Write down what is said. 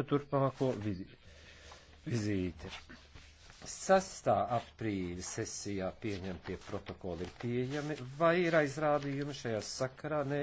turpmāko vizīti. 6. aprīļa sesijā pieņemtie protokoli ir pieejami vai ir aizrādījumi šajā sakarā? Nē,